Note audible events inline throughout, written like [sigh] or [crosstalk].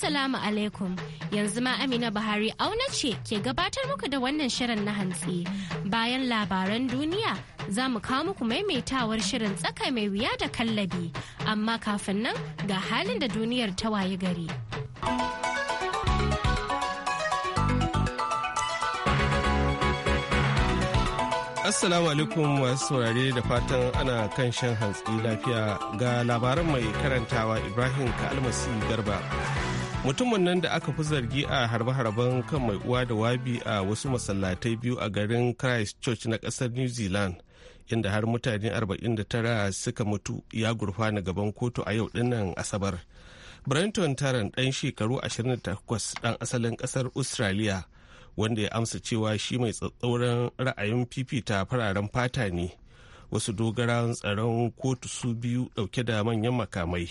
Assalamu alaikum yanzu ma Amina Buhari auna ce ke gabatar muku da wannan shirin na hantsi. Bayan labaran duniya za mu kawo muku maimaitawar shirin tsaka mai wuya da kallabi. Amma kafin nan ga halin da duniyar ta waye gari. Assalamu alaikum masu saurare da fatan ana kan shan hantsi lafiya ga labaran mai karantawa Ibrahim Kalmasi Garba. mutumin nan da aka fi zargi a harbe-harben kan mai uwa da wabi a wasu masallatai biyu a garin christchurch na kasar new zealand inda har mutane 49 suka mutu ya gurfana gaban kotu a yau dinnan asabar brenton taron dan shekaru 28 dan asalin kasar australia wanda ya amsa cewa shi mai tsatsauran ra'ayin fifita fararen fata ne wasu dogara tsaron kotu su biyu dauke da manyan makamai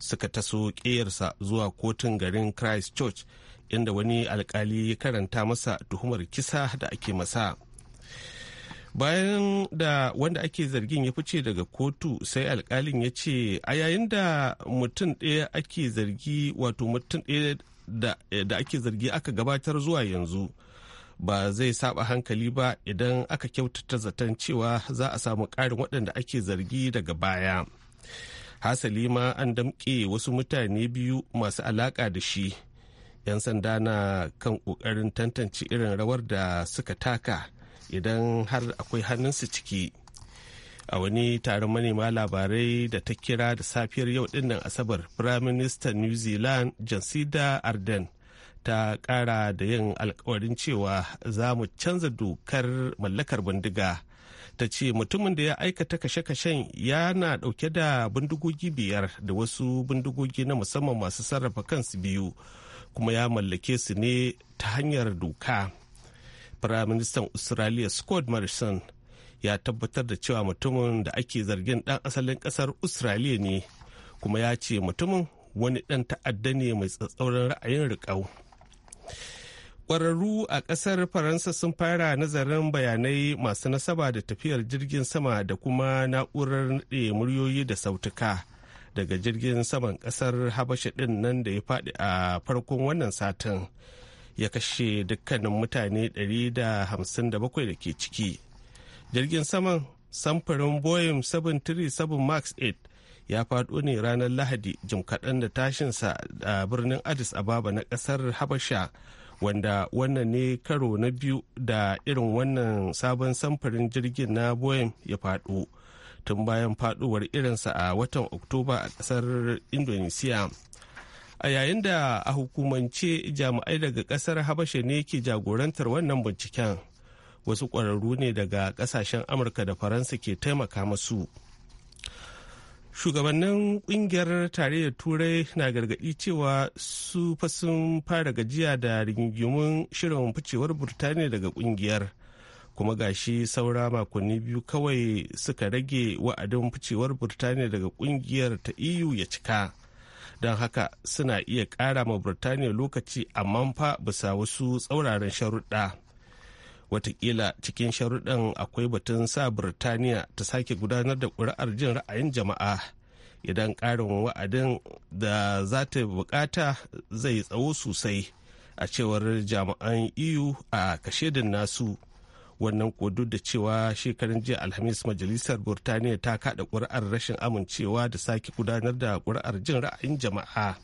suka taso ƙeyarsa zuwa kotun garin christchurch inda wani alkali ya karanta masa tuhumar kisa da ake masa bayan da wanda ake zargin ya fice daga kotu sai alkalin ya ce a yayin da mutum ɗaya ake zargi wato mutum ɗaya da ake zargi aka gabatar zuwa yanzu ba zai saba hankali ba idan aka kyautata zaton cewa za a samu ƙarin waɗanda ake zargi daga baya. hasali ma an damƙe wasu mutane biyu masu alaƙa da shi 'yan sanda na kan ƙoƙarin tantance irin rawar da suka taka idan har akwai hannunsu ciki a wani taron manema labarai da ta kira da safiyar yau dinnan asabar minister new zealand jacinda arden ta kara da yin alkawarin cewa za mu canza dokar mallakar bindiga ta ce mutumin da ya aikata kashe-kashen yana dauke da bindigogi biyar da wasu bindigogi na musamman masu sarrafa kansu biyu kuma ya mallake su ne ta hanyar doka firaministan australia scott morrison ya tabbatar da cewa mutumin da ake zargin dan asalin kasar australia ne kuma ya ce mutumin wani dan ta'adda ne mai tsatsauran ra'ayin riƙau kwararru a ƙasar Faransa sun fara nazarin bayanai masu nasaba da tafiyar jirgin sama da kuma na'urar naɗe muryoyi da sautuka daga jirgin saman ƙasar Habasha ɗin nan da ya faɗi a farkon wannan satin ya kashe dukkanin mutane 157 da ke ciki. Jirgin saman samfurin Boeing 737 Max 8 ya faɗo ne ranar Lahadi jim kaɗan da tashinsa a birnin Addis Ababa na ƙasar Habasha. wanda wannan ne karo na biyu da irin wannan sabon samfurin jirgin na boeing ya faɗo tun bayan faduwar irinsa a watan oktoba a ƙasar indonesia a yayin da a hukumance jami'ai daga ƙasar habasha ne ke jagorantar wannan binciken wasu ƙwararru ne daga ƙasashen amurka da faransa ke taimaka masu. shugabannin kungiyar tarayyar turai na gargaɗi cewa su fa sun fara gajiya da rigingimun shirin ficewar burtaniya daga kungiyar kuma gashi saura makonni biyu kawai suka rage wa'adin ficewar burtaniya daga kungiyar ta eu ya cika don haka suna iya kara ma burtaniya lokaci amma fa bisa wasu tsauraran sharuɗa. watakila cikin sharuɗan akwai batun sa birtaniya ta sake gudanar da ƙuri'ar jin ra'ayin jama'a idan ƙarin wa'adin da za ta bukata zai tsawo sosai a cewar jami'an eu a kashedin nasu wannan ko da cewa shekarun jiya alhamis majalisar burtaniya ta kaɗa ƙuri'ar rashin amincewa da sake gudanar da ƙuri'ar jin ra'ayin jama'a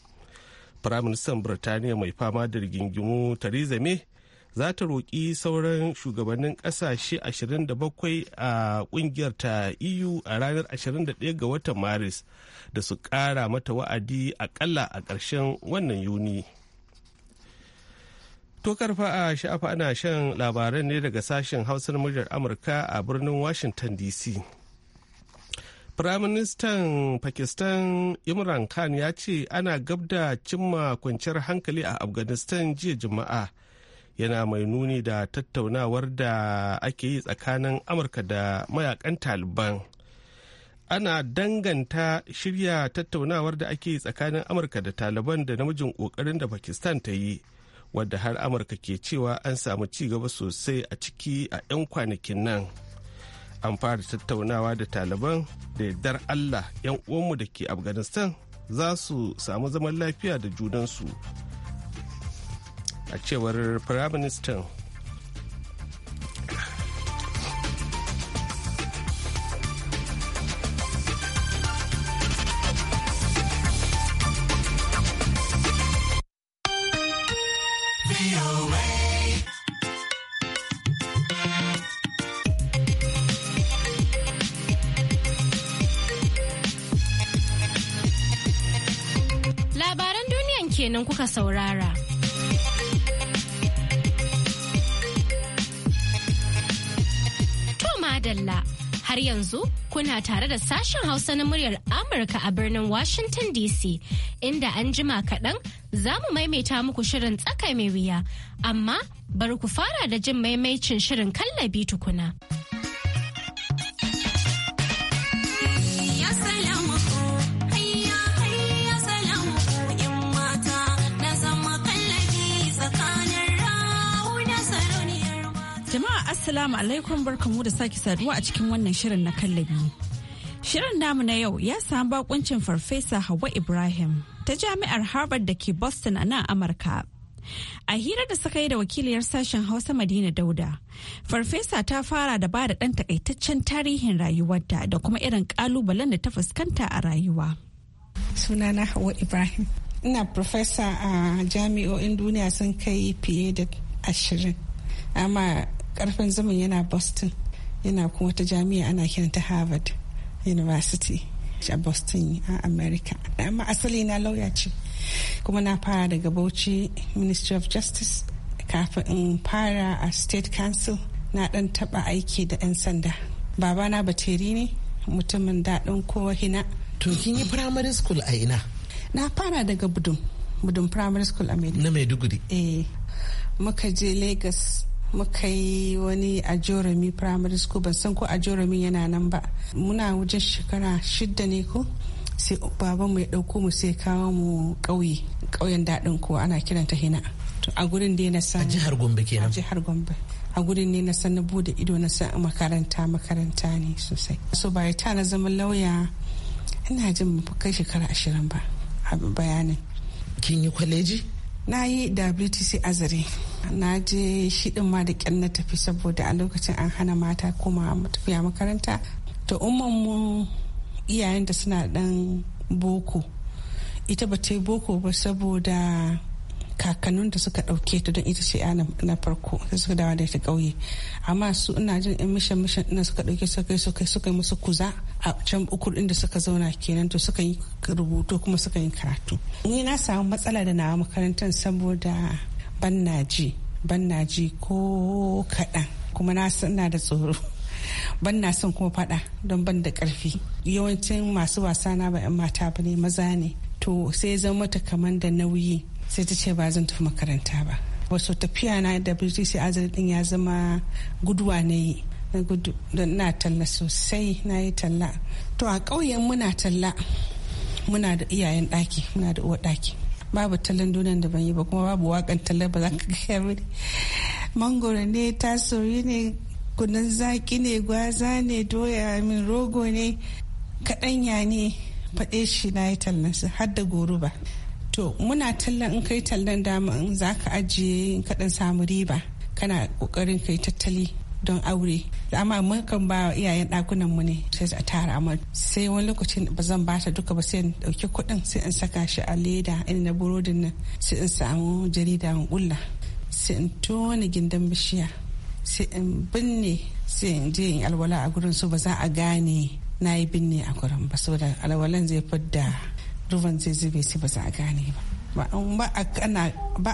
firaministan burtaniya mai fama da rigingimu theresa may za ta roƙi sauran shugabannin ƙasashe 27 a ƙungiyar ta EU a ranar 21 ga watan Maris da su ƙara mata wa'adi aƙalla a ƙarshen wannan Yuni. To karfa a sha'afa ana shan labaran ne daga sashen hausar muryar Amurka a birnin Washington DC. Firaministan Pakistan Imran Khan ya ce ana gabda cimma kwanciyar hankali a Afghanistan jiya Juma'a. yana mai nuni da tattaunawar da ake yi tsakanin amurka da mayakan taliban ana danganta shirya tattaunawar da ake yi tsakanin amurka da taliban da namijin kokarin da pakistan ta yi wadda har amurka ke cewa an samu ci gaba sosai a ciki a 'yan kwanakin nan an fara tattaunawa da taliban da yardar allah 'yan uwanmu da ke afghanistan za su samu zaman lafiya da junansu a cewar firaministan kuna tare da sashen Hausa na muryar Amurka a birnin Washington DC, inda an jima kaɗan za mu maimaita muku shirin tsaka mai wuya, amma bari ku fara da jin maimaicin shirin kallabi tukuna. Jama'a Assalamu alaikum barkamu da sake saduwa a cikin wannan shirin na kallabi. Shirin namu na yau ya samu bakuncin Farfesa Hawa Ibrahim ta Jami'ar Harvard da ke Boston a nan Amurka. A hira da suka yi da wakiliyar sashen Hausa Madina Dauda, Farfesa ta fara da ba da ɗan takaitaccen tarihin rayuwarta da kuma irin kalubalen da ta fuskanta a rayuwa. Sunana Hawa Ibrahim. Ina Farfesa a jami'o'in duniya sun kai fiye da ashirin, amma karfin zaman yana Boston, yana kuma ta jami'a ana kiranta Harvard. university a boston a uh, america amma asali na lauya ce kuma na fara daga bauchi ministry of justice kafin in fara a state council na dan taba aiki da 'yan sanda babana bateri ne mutumin daɗin kowa hina to kin yi primary school a ina na fara daga budun budun primary school a na maiduguri eh muka je lagos muka yi wani a jorami primary school ba san ko a jorami yana nan ba muna wajen shekara shida ne ko sai baban mu ya ɗauko mu sai kawo mu ƙauye ƙauyen daɗin ko ana kiranta hina a gurin da na san a jihar gombe kenan a jihar gombe a gurin ne na san na bude ido na san makaranta makaranta ne sosai so bai ta na zama lauya ina jin ba kai shekara ashirin ba a bayanin kin yi kwaleji na yi wtc azare na je shi din ma da kyan na tafi saboda a lokacin an hana mata kuma tafiya makaranta to umman mu iyayen da suna dan boko ita ba ta yi boko ba saboda kakannin da suka ɗauke ta don ita ce na farko da suka dawa da ita ƙauye amma su ina jin yan mishan mishan ina suka ɗauke suka yi suka suka yi musu kuza a can ukur inda suka zauna kenan to suka yi rubutu kuma suka yi karatu ni na samu matsala da na makarantar saboda ban na ji ban na ji ko kaɗan kuma na ina da tsoro [laughs] ban na son kuma faɗa don ban da ƙarfi yawancin masu wasa na ba 'yan mata ba ne maza ne to sai zan mata kamar da nauyi sai ta ce ba zan tafi makaranta ba wasu tafiya na da british azar ya zama guduwa na yi na na talla sosai na yi talla to a ƙauyen muna talla muna da iyayen ɗaki muna da uwa ɗaki babu tallan donan da ban yi ba kuma babu wakan tallan ba za ka gaya mini mangoro ne tasori ne kunan zaki ne gwaza ne doya min rogo ne kaɗanya ne faɗe shi na yi su har da goruba to muna tallan in kai tallan dama in za ka ajiye in kaɗan samu riba kana ƙoƙarin kai tattali don aure amma mun kan ba iyayen dakunan mu ne sai a tara amma sai wani lokacin ba zan ba ta duka ba sai in ɗauki kuɗin sai in saka shi a leda in na burodin nan sai in samu jarida in ƙulla sai in tona gindan bishiya sai in binne sai in je in alwala a gurin su ba za a gane na yi binne a gurin ba saboda alwalan zai fidda ruwan zai zube sai ba za a gane ba ba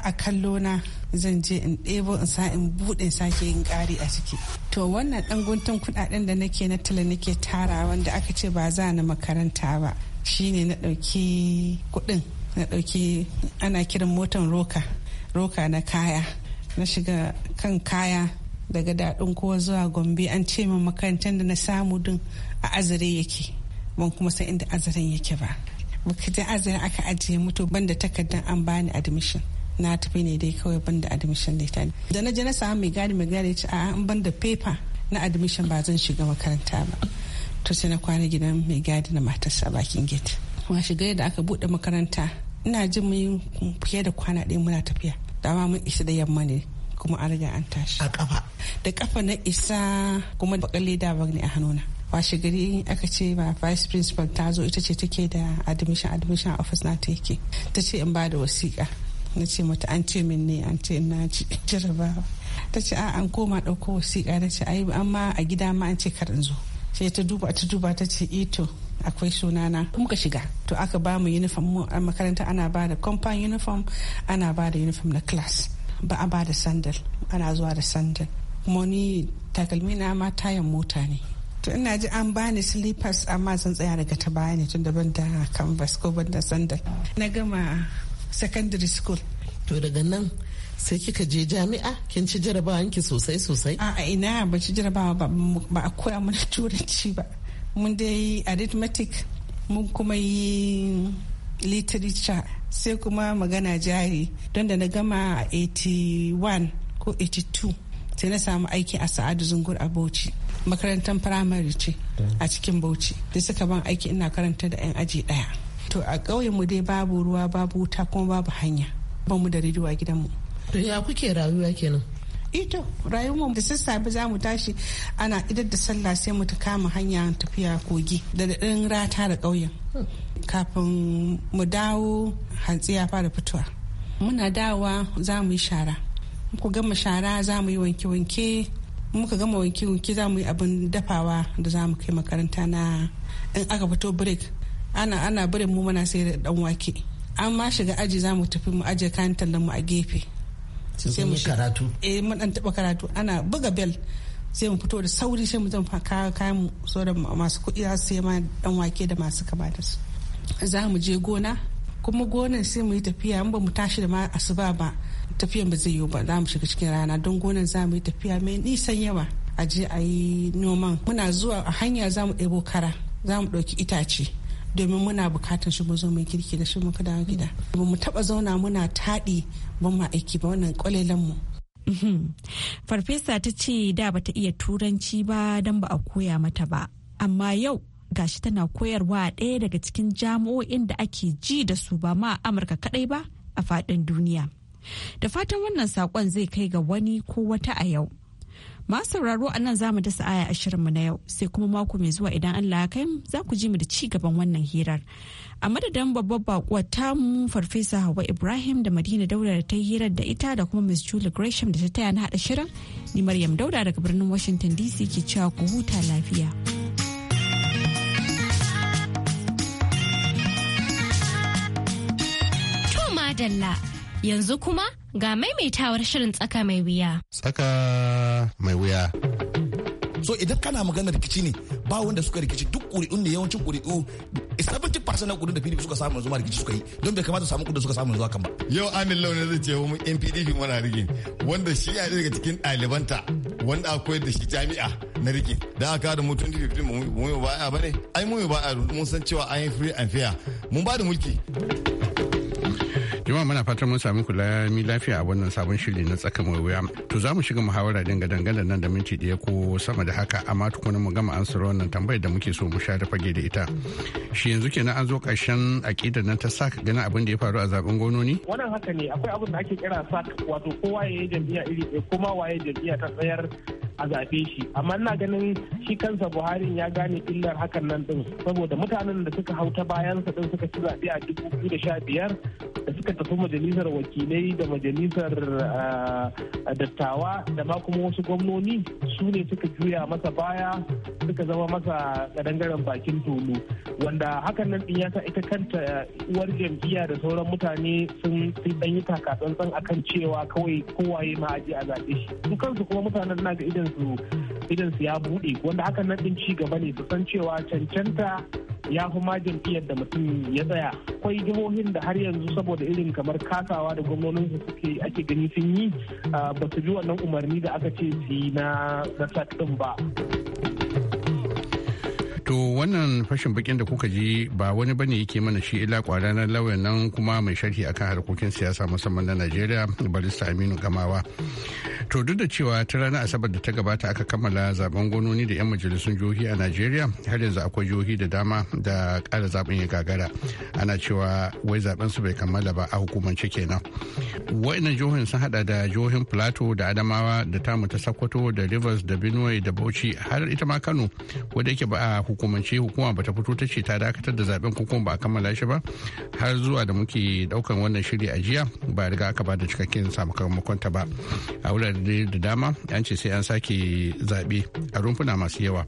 a kallo na zan je in ɗebo in sa in buɗe sake yin ƙari a ciki to wannan ɗan guntun kuɗaɗen da nake na tala nake tara wanda aka ce ba za na makaranta ba shine na ɗauki kuɗin na ɗauki ana kiran motan roka roka na kaya na shiga kan kaya daga daɗin kowa zuwa gombe an ce min makarantar da na samu din a azare yake ban kuma san inda azaren yake ba muka je azumi aka ajiye mutu banda takardar an bani admission na tafi ne dai kawai banda admission leta ne da na je na samu mai gadi mai gadi ci a an banda paper na admission ba zan shiga makaranta ba to sai na kwana gidan mai gadi na matarsa bakin gate kuma shiga da aka bude makaranta ina jin mu fiye da kwana ɗaya muna tafiya dama mun isa da yamma ne kuma an riga an tashi a kafa da kafa na isa kuma bakar leda ba ne a hannuna washe gari aka ce ba vice principal ta zo ita ce take da admission admission office na ta ta ce in ba da wasiƙa na ce mata an ce min ne an ce na jarabawa ta ce a an koma ɗauko wasiƙa na ce ai amma a gida ma an ce kar in zo sai ta duba ta duba ta ce ito eh akwai sunana kuma ka shiga to aka ba mu uniform mu a makaranta ana ba da compound uniform ana ba da uniform na class ba a ba da sandal ana zuwa da sandal kuma ni takalmina na ma tayan mota ne to ina ji an bani slippers amma zan tsaya daga ta baya ne tun ban da canvas ko ban da sandal na gama secondary school to daga nan sai kika je jami'a kin ci jarabawa ki sosai sosai a ina ba ci jarabawa ba ba a koya mana [laughs] turanci ba mun dai arithmetic mun kuma yi literature sai kuma magana jari don da na gama 81 ko 82 sai na samu aiki a sa'adu zungur a bauchi makarantar firamare ce a cikin bauchi da suka ban aiki ina karanta da 'yan aji daya to a ƙauyen mu dai babu ruwa babu wuta kuma babu hanya Ban mu da rediyo a gidanmu to ya kuke rayuwa kenan ito eh rayuwar da sassafe za mu tashi ana idar da sallah sai mu ta kama hanya tafiya kogi da daɗin rata da ƙauyen kafin mu dawo hantsi ya fara fitowa muna dawa za mu yi shara ku gama shara za mu yi wanke-wanke muka gama wanki wanki za mu yi abin dafawa da za mu kai makaranta na in aka fito break ana ana break mu muna sai da dan wake an ma shiga aji za mu tafi mu ajiye kayan tallan mu a gefe sai mu karatu eh mun dan taba karatu ana buga bell sai mu fito da sauri sai mu zan kawo kayan mu da masu kuɗi za su ma dan wake da masu kama da su za mu je gona kuma gonan sai mu yi tafiya in ba mu tashi da ma asuba ba tafiyan ba zai yiwu ba za mu shiga cikin rana don gonan za mu yi tafiya mai nisan yawa a je a yi noman muna zuwa a hanya za mu ɗebo kara za mu ɗauki itace domin muna bukatar shi mu zo mai kirki da shi mu kada gida ba mu taɓa zauna muna taɗi ban ma aiki ba wannan kwalelan mu mhm. farfesa ta ce da ba ta iya turanci ba don ba a koya mata ba amma yau gashi tana koyarwa ɗaya daga cikin jami'o'in da ake ji da su ba ma amurka kaɗai ba a faɗin duniya Da fatan wannan sakon zai kai ga wani ko wata a yau. Masu sauraro a nan zamu mu dasa aya ashirinmu na yau sai kuma mako mai zuwa idan Allah ya kai za ku ji mu da ci gaban wannan hirar. A madadin babbar bakuwar mu farfesa Hawa Ibrahim da Madina Dauda da ta yi hirar da ita da kuma Miss Julie Gresham da ta taya na haɗa shirin ni Maryam Dauda daga birnin Washington DC ke cewa ku huta lafiya. To madalla Yanzu kuma ga maimaitawar shirin tsaka mai wuya. Tsaka mai wuya. So idan kana magana rikici ne ba wanda suka rikici duk kuri'un ne yawancin kuri'u 70% na kuri'un da PDP suka samu yanzu ma rikici suka yi don bai kamata samu da suka samu yanzu kan ba. Yau Amin Launin zai ce mu NPDP mana rigin wanda shi ya daga cikin ɗalibanta wanda akwai da shi jami'a. na rike da aka da mutum 2015 mu yi ba ne ai mu yi baya mun san cewa an yi free and fair mun ba da mulki juma muna fatan mun sami kula mi lafiya a wannan sabon shiri na tsaka mai wuya. To za mu shiga muhawara din ga dangane nan da minti ɗaya ko sama da haka amma tukuna mu gama sura wannan tambayar da muke so mu sha da fage da ita. Shi yanzu kenan an zo ƙarshen aƙida nan ta saka ganin abin da ya faru a zaben gononi? Wannan haka ne akwai abin da ake kira sak wato kowa ya yi jam'iyya iri ɗaya kuma waye jam'iyya ta tsayar a zaɓe shi amma ina ganin shi kansa buhari ya gane illar hakan nan din saboda mutanen da suka hau ta bayansa din suka ci zaɓe a dubu biyu da sha biyar da suka tafi majalisar wakilai da majalisar ah, dattawa da ma kuma wasu gwamnoni su ne suka juya masa baya suka zama masa kadangaren bakin tulu wanda hakan nan din ya sa ita kanta uwar jam'iyya da sauran mutane sun dan yi takatsantsan akan cewa kawai kowaye ma'aji a zaɓe shi su kansu kuma mutanen na ga idan su idan su ya buɗe wanda hakan nan ɗin ci gaba ne su san cewa cancanta ya fi ma jam'iyyar da mutum ya tsaya akwai jihohin da har yanzu saboda irin kamar kasawa da gwamnonin su suke ake gani sun yi ba su ji wannan umarni da aka ce su yi na rasa ɗin ba to wannan fashin bakin da kuka ji ba wani bane yake mana shi ila na lauyan nan kuma mai sharhi akan harkokin siyasa musamman na najeriya barista aminu gamawa to duk da cewa ta ranar asabar da ta gabata aka kammala zaben gononi da 'yan majalisun jihohi a najeriya har yanzu akwai jihohi da dama da kara zaben ya gagara ana cewa wai zaben su bai kammala ba a hukumance kenan wa'annan jihohin sun hada da jihohin plateau da adamawa da tamu ta sokoto da rivers da benue da bauchi har ita ma kano wadda yake ba a hukumance hukuma ba ta fito ta ce ta dakatar da zaben ko kuma ba a kammala shi ba har zuwa da muke daukan wannan shiri a jiya ba riga aka ba da cikakken sakamakon ta ba a wuraren da dama an ce sai an sake zaɓe a rumfuna masu yawa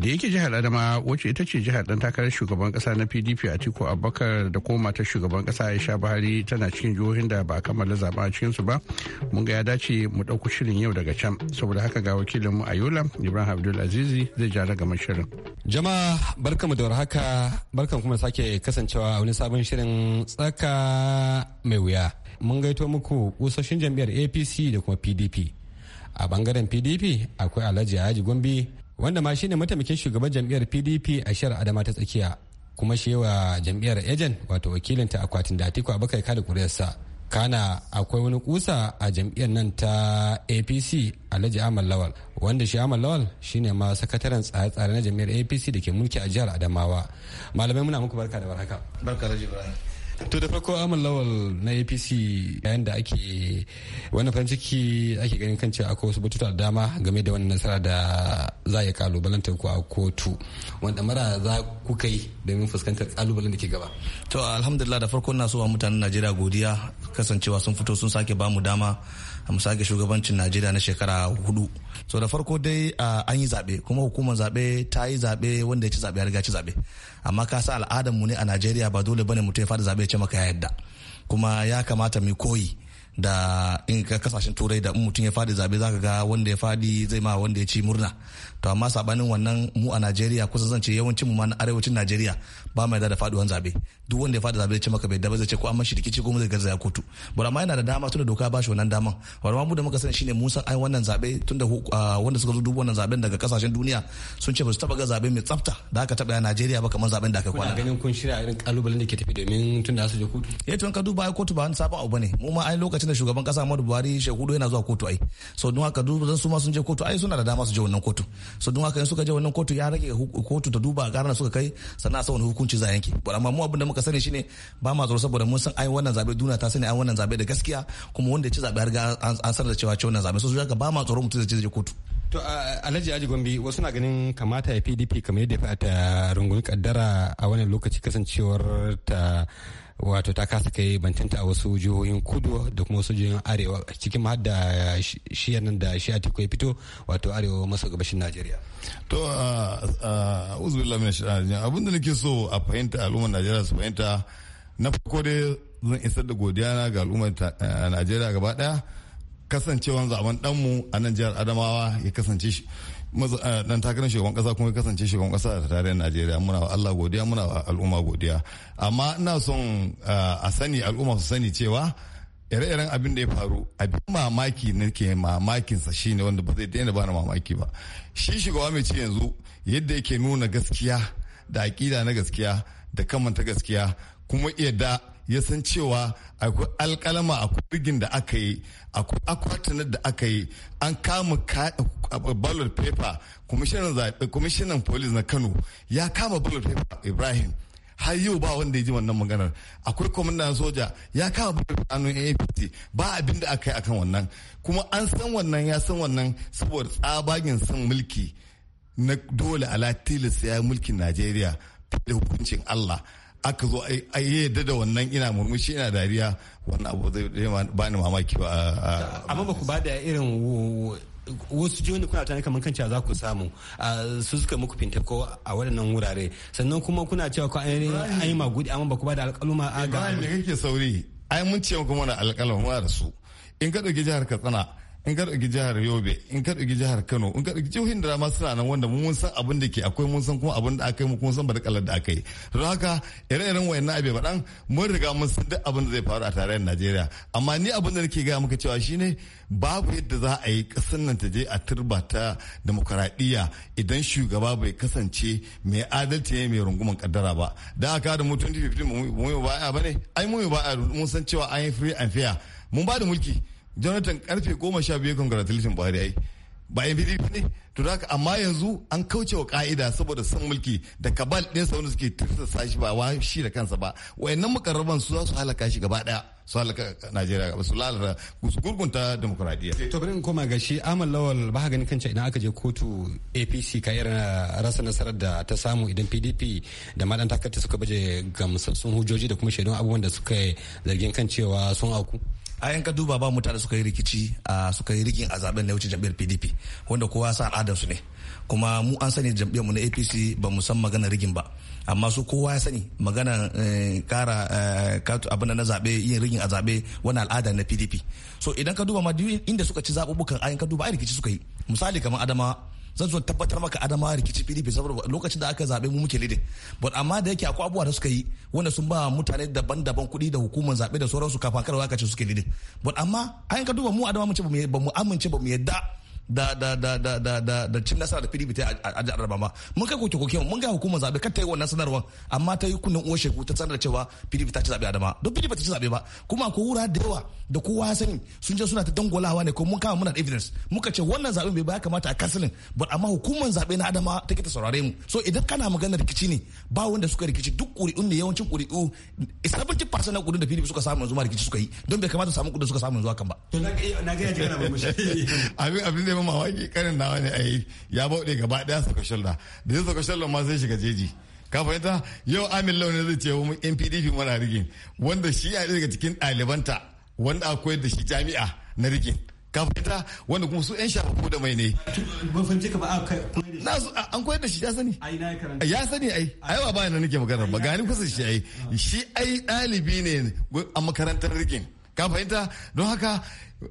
da yake jihar adama wacce ita ce jihar ɗan takarar shugaban ƙasa na pdp a tiko abubakar da koma ta shugaban ƙasa aisha buhari tana cikin jihohin da ba a kammala zaɓen a cikinsu ba mun ga ya dace mu ɗauko shirin yau daga can saboda haka ga wakilin a yola ibrahim abdul azizi zai ja ragamar shirin jama'a barkanmu da warhaka barkan kuma sake kasancewa wani sabon shirin tsaka mai wuya mun gaito muku kusoshin jam'iyyar apc da kuma pdp a bangaren pdp akwai alhaji yaji gombe wanda ma shine mataimakin shugaban jam'iyyar pdp a shiyar adama ta tsakiya kuma shi wa jam'iyyar ejen wato wakilinta akwatin da atiku abakai kada kuriyarsa kana akwai wani kusa a jam'iyyar nan ta apc alhaji amal lawal wanda shi amal lawal shine ma sakataren tsare-tsare na jam'iyyar apc da ke mulki a jihar adamawa malamai muna muku barka da warhaka barka da ibrahim to da farko amal lawal na apc yayin da ake wani farin ciki ake ganin kan cewa akwai wasu batuta da dama game da wannan nasara da za ya kalubalantar ku a kotu wanda mara za ku kai domin fuskantar kalubalen da ke gaba to alhamdulillah da farko na so wa mutanen najeriya godiya kasancewa sun fito sun sake bamu dama mu sake shugabancin najeriya na shekara hudu so da farko dai an yi zaɓe kuma hukumar zaɓe ta yi zaɓe wanda ya ci zaɓe ya riga ci zaɓe amma ka sa al'adar mu ne a najeriya ba dole bane mutum ya fada zaɓe ya ce maka ya yadda kuma ya kamata mu koyi da in ka kasashen turai da mutum ya fadi zaɓe zaka ga wanda ya fadi zai ma wanda ya ci murna to amma sabanin wannan mu a Najeriya kusa zan ce yawancin mu ma na arewacin Najeriya ba mai da faduwan zabe duk wanda ya fada zabe zai ce maka bai da ba zai ce ko an mashi rikici ko mu zai garzaya kotu bara amma yana da dama tunda doka ba shi wannan daman wanda mu da muka sani shine mun san ai wannan zabe tunda wanda suka zo dubu wannan zaben daga kasashen duniya sun ce ba su taba ga zabe mai tsafta da aka taba a Najeriya ba kamar zaben da aka kwana ganin kun shirya irin kalubalen da ke tafi domin tunda su je kotu eh to ka duba ai kotu ba wani sabon abu bane mu ma ai lokacin da shugaban kasa Muhammadu Buhari shehudu yana zuwa kotu ai so don haka duba su ma sun je kotu ai suna da dama su je wannan kotu so don haka in suka je wannan kotu ya rage kotu ta duba garan suka kai sannan a sa wani hukunci wuce za yanke ba amma mu abin da muka sani shine ba ma tsoro saboda mun san ai wannan zabe duna ta sani ai wannan zabe da gaskiya kuma wanda ya ci zabe har ga an sanar da cewa ce wannan zabe so zaka ba ma tsoro mutum zai je kotu to alhaji aji gombe wasu na ganin kamata ya pdp kamar yadda ya fi ta rungumi kaddara a wannan lokaci kasancewar ta wato ta kasa kai bantanta a wasu jihohin kudu da kuma wasu jihohin arewa cikin ma da shiyar nan da shi atiku ya fito wato arewa maso gabashin najeriya to uzbillah mai shi abin da nake so a fahimta al'ummar najeriya su fahimta na farko dai zan isar da godiya na ga al'ummar eh, najeriya gaba daya kasancewan zaben danmu a nan jihar adamawa ya kasance dan takarar shugaban kasa kuma ya kasance shugaban kasa da tarayyar najeriya muna wa allah godiya muna wa al'umma godiya amma ina son a sani al'umma su sani cewa ire-iren abin da ya faru abin mamaki na ke mamakinsa shine wanda ba zai daina bani mamaki ba shi shugaba mai ci yanzu yadda yake nuna gaskiya da aƙida na gaskiya da kamanta gaskiya kuma iya da ya san cewa akwai alkalama akwai bigin da aka yi akwai akwatunan da aka yi an kama ballot paper kwamishinan police na kano ya kama ballot paper ibrahim har yau ba wanda ya ji wannan maganar akwai kwamandan soja ya kama ballot hannun apt ba abin da aka yi akan wannan kuma an san wannan ya san wannan saboda tsabagen san mulki na dole ala tilasta ya mulkin najeriya da hukuncin allah aka zo a yi yadda da wannan ina murmushi ina dariya wannan abu zai ba ni mamaki ba amma ba ku ba da irin wasu jihohi kuna tunani kamar kan za ku samu su suka muku ko a waɗannan wurare sannan kuma kuna cewa ko an yi magudi amma ba ku ba da alƙaluma a ga da kake sauri ai mun ce kuma na alƙaluma da su in ka ɗauki jihar katsina in ka ɗauki jihar yobe in ka ɗauki jihar kano in ka ɗauki jihohin da ma suna nan wanda mun san abin da ke akwai mun san kuma abin da aka yi mu kuma san barkalar da aka yi don haka ire-iren wayannan abe ba dan mun riga mun san duk abin da zai faru a tarayyar najeriya amma ni abin da nake gaya maka cewa shine babu yadda za a yi ƙasar nan ta je a turba ta demokuraɗiyya idan shugaba bai kasance mai adalci ne mai runguman kaddara ba da aka da mu 2015 mu yi baya ba ne ai mu yi baya mun san cewa an yi free and fair mun ba da mulki jonathan karfe goma sha biyu congratulation buhari ai ba mvp ne to da amma yanzu an kauce wa ka'ida saboda san mulki da kabal sa wanda suke tirsasa shi ba wa shi da kansa ba wayannan mukarraban su za su halaka shi gaba daya su halaka najeriya gaba su lalata su gurgunta demokradiya to bari in koma ga shi amal lawal ba ka gani kanta idan aka je kotu apc ka yi uh, rasa nasarar da ta samu idan pdp da ma takarta suka baje gamsassun hujjoji da kuma shaidun abubuwan da suka zargin kan cewa sun auku. ayan kaduba duba ba mutane suka yi rikici a suka yi rigin a zaben na wuce jam'iyyar pdp wanda kowa sa al'adar su ne kuma mu an sani jam'iyyar mu na apc ba mu san magana rigin ba amma su kowa ya sani magana kara eh, eh, abin na zabe yin rigin a zabe wani al'ada na pdp so idan ka duba ma inda suka ci zaɓuɓɓukan ayan kaduba duba ai rikici suka yi misali kamar adamawa zan zo tabbatar maka adama rikici pdp saboda lokacin da aka zaɓe mu muke lidin but amma da yake akwai abubuwa da suka yi wanda sun ba mutane daban-daban kuɗi da hukumar zaɓe da sauransu kafin kada aka suke lidin but amma an ka duba mu adama mu ce ba mu amince ba mu yadda da da da da da da da cin nasara da PDP ta a jihar Adamawa mun kai koke koke mun ga hukumar zabe kar ta yi wannan sanarwar amma ta yi kunnen uwar shegu ta sanar da cewa PDP ta ci zabe Adamawa don PDP ta ci zabe ba kuma ko wura da yawa da kowa sani sun je suna ta dangolawa ne ko mun kama muna evidence muka ce wannan zaben bai ya kamata a kasilin ba amma hukumar zabe na Adamawa take ta saurare mu so idan kana magana rikici ne ba wanda suka rikici duk kuri'un ne yawancin ƙuri'u 70% na kuri'un da PDP suka samu yanzu ma rikici suka yi don bai kamata su samu ƙuri'un suka samu yanzu hakan ba. To na ga yaji kana mamashi. [laughs] Abin abin ba mamaki kanin nawa ne ai ya bauɗe gaba ɗaya sauka shulda da zai sauka shulda ma zai shiga jeji ka fahimta yau amin launi zai ce mu npdp muna rigin wanda shi ya daga cikin ɗalibanta wanda akwai da shi jami'a na rigin ka fahimta wanda kuma su yan shafa da mai ne ka ba na su an koyar da shi ya sani ya sani ai ai ba bayan nake magana ba gani kusa shi ai shi ai ɗalibi ne a makarantar rigin ka fahimta don haka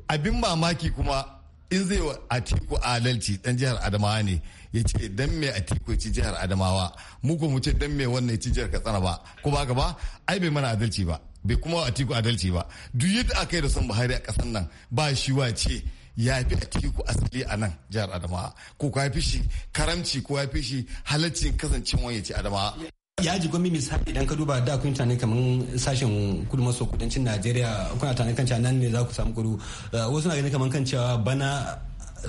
abin mamaki kuma in zai wa atiku adalci dan jihar adamawa ne ya ce dan me atiku ci jihar adamawa mu ko mu ce dan me wannan ci jihar katsina ba ko ba ba ai bai mana adalci ba bai kuma atiku adalci ba duk yadda aka yi da son buhari a kasan nan ba shi wa ce ya fi atiku asali a nan jihar adamawa ko ka fi shi karamci ko ya fi shi halaccin kasancewa ya ce adamawa ya ji gwami misali idan ka duba da kun tane kamar sashen kudu maso kudancin najeriya kuna tunanin kan cewa nan ne za ku samu kudu eh, wasu na ganin kamar kan cewa bana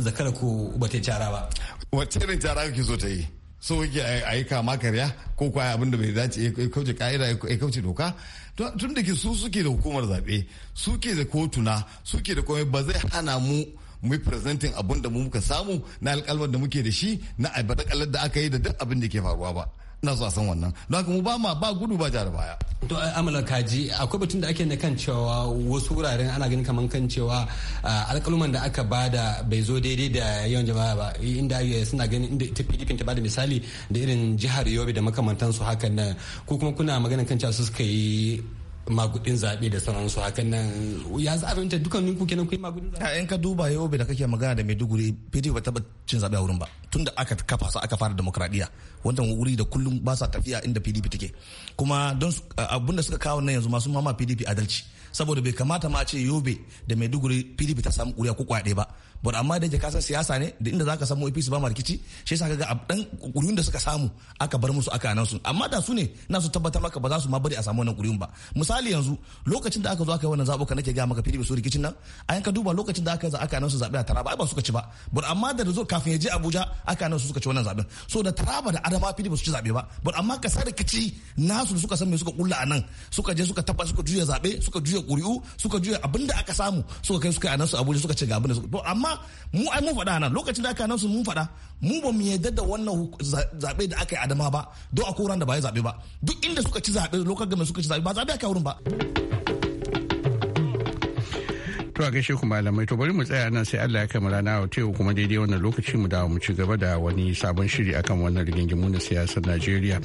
zakara ku ba ta cara ba wacce irin cara kake so ta yi so yake a yi kama karya ko kwaya abin da bai dace ya kauce ka'ida ya kauce doka tun da ke su suke da hukumar zaɓe suke da kotuna suke da komai ba zai hana mu mu yi presenting abin da mu muka samu na alƙalmar da muke da shi na albarkalar da aka yi da duk abin da ke faruwa ba na zuwa wannan don haka mu ba ma ba gudu ba jar baya to eh, amala kaji akwai batun da ake na kan cewa wasu wuraren ana ganin kaman kan cewa eh, alkaluman da aka bada bai zo daidai da yawan jama'a ba inda eh, suna ganin inda ita PDP ta bada misali da irin jihar Yobe da su hakan nan ko kuma kuna magana kan cewa su suka yi magudin zaɓe da sauransu hakan nan ya zaɓinta dukkanin kuke kenan kuyi magudin zaɓe. Ya'yan ka duba yau da kake magana da maiduguri pdp ba taɓa cin zaɓe a wurin ba tun da aka kafa su aka fara demokradiyya wannan wuri da kullum ba sa tafiya inda pdp take kuma don abun da suka kawo nan yanzu masu mama pdp adalci saboda bai kamata ma a ce yobe da maiduguri pdp ta samu kuriya ko kwaɗe ba but amma da yake kasan siyasa ne da inda zaka samu APC ba markici rikici shi yasa kaga dan kuriyun da suka samu aka bar musu aka nan su amma da su ne na su tabbatar maka ba za su ma bari a samu wannan kuriyun ba misali yanzu lokacin da aka zo aka yi wannan zabuka nake ga maka PDP su rikicin nan a ka duba lokacin da aka za aka nan su zabe a Taraba ba suka ci ba but amma da zo kafin ya je Abuja aka nan su suka ci wannan zaben so da Taraba da Adama PDP su ci zabe ba but amma ka sa rikici nasu suka san me suka kulla a nan suka je suka tabbata suka juya zabe suka juya kuriyu suka juya abinda aka samu suka kai suka a nan su Abuja suka ce ga abinda suka amma amma mu ai mun faɗa nan lokacin da aka nan su mun faɗa mu ba mu yarda da wannan zaɓe da aka yi adama ba don a koran da ba ya zaɓe ba duk inda suka ci zaɓe lokacin da suka ci zaɓe ba zaɓe aka wurin ba. To a gaishe ku malamai to bari mu tsaya nan sai Allah ya kammala rana wata yau kuma daidai wannan lokaci mu dawo mu ci gaba da wani sabon shiri akan wannan rigingimu na siyasar Najeriya.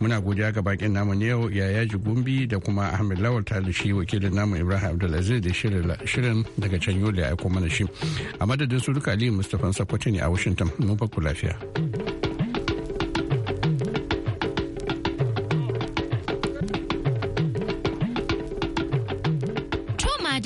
Muna godiya ga bakin namu ne yau Yaya gumbi da kuma Ahmed Lawal ta shi wakilin namu Ibrahim Abdulaziz da shirin daga can yau da ya aiko mana shi. A madadin su duka Aliyu Mustapha Sakwati ne a Washington mun fa ku lafiya.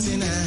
fitina